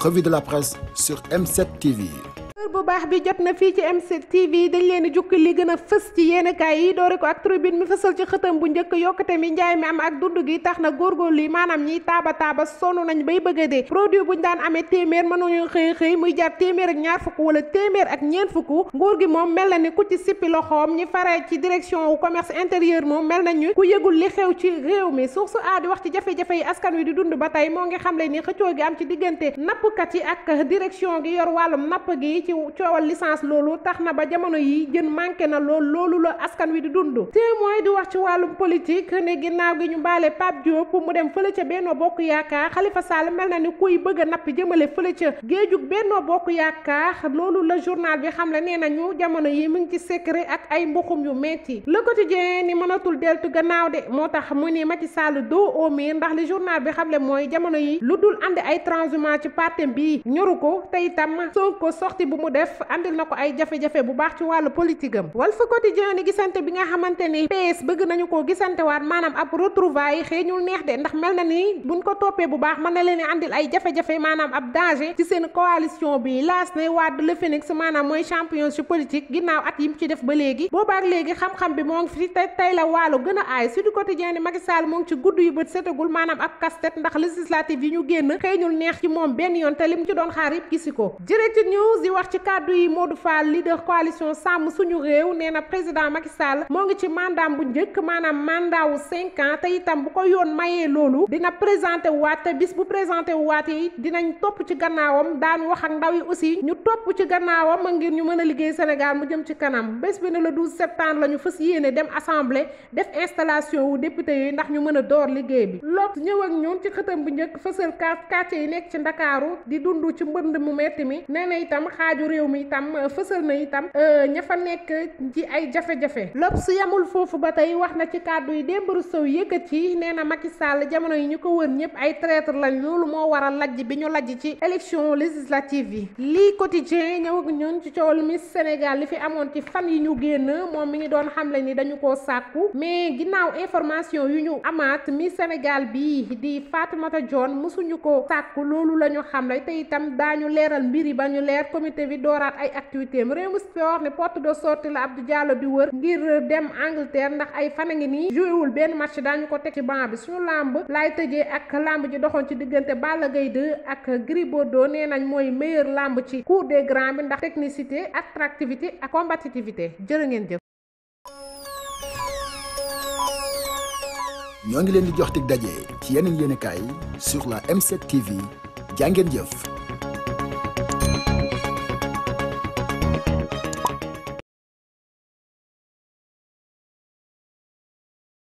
revue de la presse sur M7 TV. heure bu baax bi jot na fii ci M7 TV dañ leen di jukki li gën a fës ci yéenekaay yi doore ko ak tribune mi fësal ci xëtam bu njëkk yokkute mi njaay mi am ak dund gi tax na góorgóorlu yi maanaam ñiy taaba taaba sonn nañ bay bëgg a dee produit buñ daan amee téeméer mënuñu xëy xëy muy jar téeméer ñaar fukk wala téeméer ak ñeent fukk nguur gi moom mel na ni ku ci sippi loxoom ñi fare ci direction commerce intérieur moom mel nañu ku yëgul li xew ci réew mi source su di wax ci jafe-jafe yi askan wi di dund ba tey moo ngi xamle ni xëccoo gi am ci diggante nappkat yi ak direction gi yor wàllum napp gi ci coowal licence loolu tax na ba jamono yi jën manqué na lool loolu la askan wi di dund témoin di wax ci wàllum politique ne ginnaaw gi ñu mbaale Pape Diop mu dem fële ca benn Bokk Yaakaar Khalifa Sall mel na ni kuy bëgg a napp jëmale fële ca géejug Benno Bokk Yaakaar loolu la journal bi xam la nee nañu jamono yi mu ngi ci secret ak ay mbuxum yu metti Le Quotidien ni mënatul deltu gannaaw de moo tax mu ni ci saal doo au mur ndax li journal bi xamle mooy jamono yi lu dul ànd ay transhumance ci partem bi ñoru ko mu def andil na ko ay jafe-jafe bu baax ci wàllu politique am Walf Quotidien ni gisante bi nga xamante ni PS bëgg nañu koo gisante waat maanaam ab retrouvaille xeeñul neex de ndax mel na ni buñ ko toppee bu baax mën na leen andil ay jafe-jafe maanaam ab danger ci seen coalition bi laas nay Wade le Phénix maanaam mooy champion ci politique ginnaaw at mu ci def ba léegi boobaak léegi xam-xam bi moo ngi fi te tey la waalo gën a aay Sud Quotidien ni Macky Sall moo ngi ci gudd yu bët setagul maanaam ab casse-tête ndax législative yi ñu génn xeeñul neex ci moom benn yoon te lim ci doon xaar yëpp gisi ko direct ci kàddu yi moo du Fall leader coalition sàmm suñu réew nee na président Macky Sall moo ngi ci mandaam bu njëkk maanaam mandat wu cinq te itam bu ko yoon mayee loolu dina présenté waat te bis bu présenté waat yi dinañ topp ci gannaawam daan wax ak ndaw yi aussi ñu topp ci gannaawam ngir ñu mën a liggéey Sénégal mu jëm ci kanam bés bi ne le 12 septembre la ñu fas yéene dem assemblée def installation wu député yooyu ndax ñu mën a door liggéey bi loot ñëw ak ñun ci xëtam bu njëkk fësal quartier yi nekk ci Ndakaaru di dund ci mbënd mu metti mi nee itam bu réew mi itam fësal na itam euh, ña fa nekk ci ay jafe-jafe L'Obs yamul foofu ba tey wax na ci kàddu yi démb Rousseau yëkkati nee na Macky Sall jamono yi ñu ko wër ñëpp ay traître lañ loolu moo waral lajj bi ñu lajj ci élection législative yi lii quotidien ñëw ak ñun ci coowal mi Sénégal li fi amoon ci fan yi ñu génn moom mi ngi doon xamle ni dañu koo sàkku mais ginnaaw information yu ñu amaat mi senegal bi di Fatoumata Dione mosuñu ko sàkku loolu la ñu bi dorat ay activité am réew sport ne porte de sortie la Abdou Diallo di wër ngir dem Angleterre ndax ay fan a ngi nii wul ben match dañ ko tek ci banc bi suñu lamb lay teje ak lamb ji doxon ci digënté Balla gay de ak Gris Bordeaux nee nañ moy meilleur lamb ci cour des grands bi ndax technicité attractivité ak combativité jërë ngeen jëf. ñoo ngi leen di jox tik dajé ci yeneen yene kay sur la M7 TV jaa jëf.